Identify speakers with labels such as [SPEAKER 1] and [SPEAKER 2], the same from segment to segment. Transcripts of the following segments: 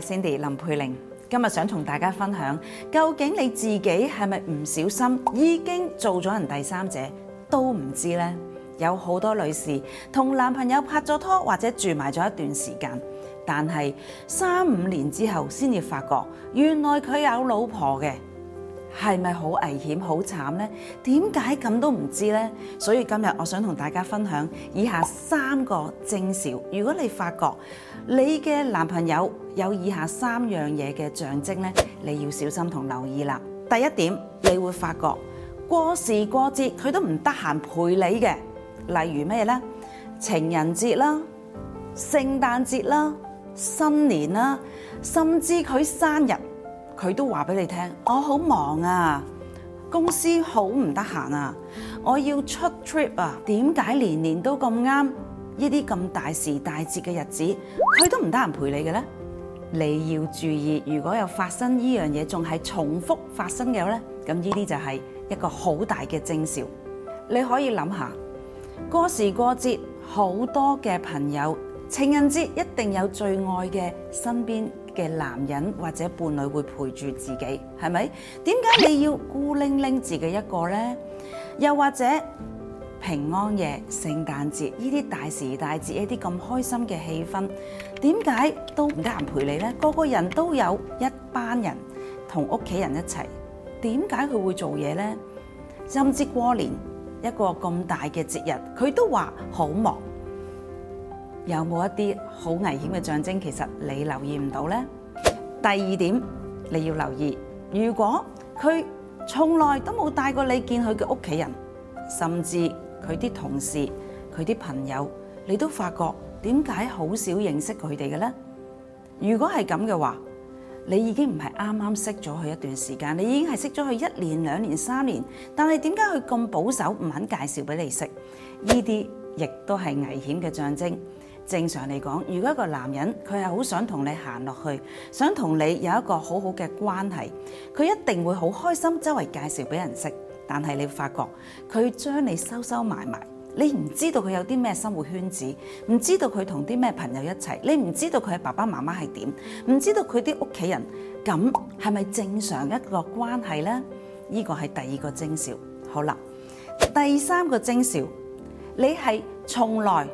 [SPEAKER 1] Sandy 林佩玲，今日想同大家分享，究竟你自己係咪唔小心已經做咗人第三者，都唔知咧？有好多女士同男朋友拍咗拖或者住埋咗一段時間，但係三五年之後先至發覺，原來佢有老婆嘅。係咪好危險、好慘呢？點解咁都唔知呢？所以今日我想同大家分享以下三個徵兆。如果你發覺你嘅男朋友有以下三樣嘢嘅象徵呢，你要小心同留意啦。第一點，你會發覺過時過節佢都唔得閒陪你嘅，例如咩呢？情人節啦、聖誕節啦、新年啦，甚至佢生日。佢都話俾你聽，我好忙啊，公司好唔得閒啊，我要出 trip 啊，點解年年都咁啱呢啲咁大時大節嘅日子，佢都唔得閒陪你嘅呢？你要注意，如果有發生呢樣嘢，仲係重複發生嘅話呢，咁呢啲就係一個好大嘅徵兆。你可以諗下，過時過節好多嘅朋友，情人節一定有最愛嘅身邊嘅男人或者伴侶會陪住自己，係咪？點解你要孤零零自己一個咧？又或者平安夜、聖誕節依啲大時大節，依啲咁開心嘅氣氛，點解都唔得閒陪你咧？個個人都有一班人同屋企人一齊，點解佢會做嘢咧？甚至過年一個咁大嘅節日，佢都話好忙。有冇一啲好危險嘅象徵？其實你留意唔到呢。第二點，你要留意，如果佢從來都冇帶過你見佢嘅屋企人，甚至佢啲同事、佢啲朋友，你都發覺點解好少認識佢哋嘅呢？如果係咁嘅話，你已經唔係啱啱識咗佢一段時間，你已經係識咗佢一年、兩年、三年，但係點解佢咁保守，唔肯介紹俾你識？呢啲亦都係危險嘅象徵。正常嚟講，如果一個男人佢係好想同你行落去，想同你有一個好好嘅關係，佢一定會好開心，周圍介紹俾人識。但係你會發覺佢將你收收埋埋，你唔知道佢有啲咩生活圈子，唔知道佢同啲咩朋友一齊，你唔知道佢係爸爸媽媽係點，唔知道佢啲屋企人，咁係咪正常一個關係呢？呢個係第二個徵兆。好啦，第三個徵兆，你係從來，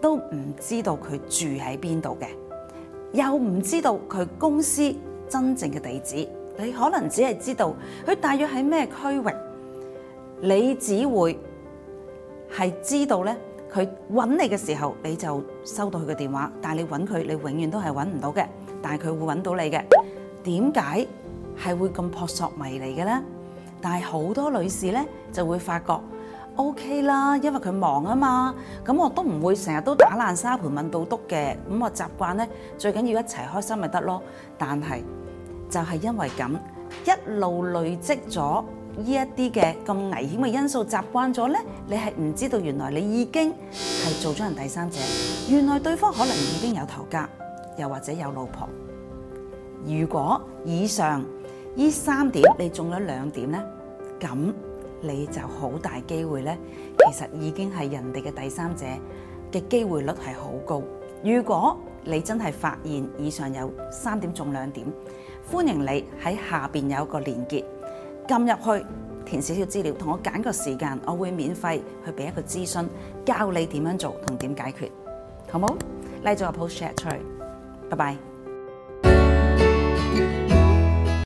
[SPEAKER 1] 都唔知道佢住喺邊度嘅，又唔知道佢公司真正嘅地址，你可能只係知道佢大約喺咩區域，你只會係知道咧，佢搵你嘅時候你就收到佢嘅電話，但係你搵佢，你永遠都係搵唔到嘅，但係佢會搵到你嘅，點解係會咁撲朔迷離嘅咧？但係好多女士咧就會發覺。O K 啦，因為佢忙啊嘛，咁我都唔會成日都打爛沙盤問到篤嘅，咁我習慣呢，最緊要一齊開心咪得咯。但係就係因為咁，一路累積咗呢一啲嘅咁危險嘅因素，習慣咗呢，你係唔知道原來你已經係做咗人第三者，原來對方可能已經有頭家，又或者有老婆。如果以上呢三點你中咗兩點呢，咁。你就好大機會咧，其實已經係人哋嘅第三者嘅機會率係好高。如果你真係發現以上有三點中兩點，歡迎你喺下邊有一個連結，撳入去填少少資料，同我揀個時間，我會免費去俾一個諮詢，教你點樣做同點解決，好冇？拉咗阿 post share 出去，拜拜。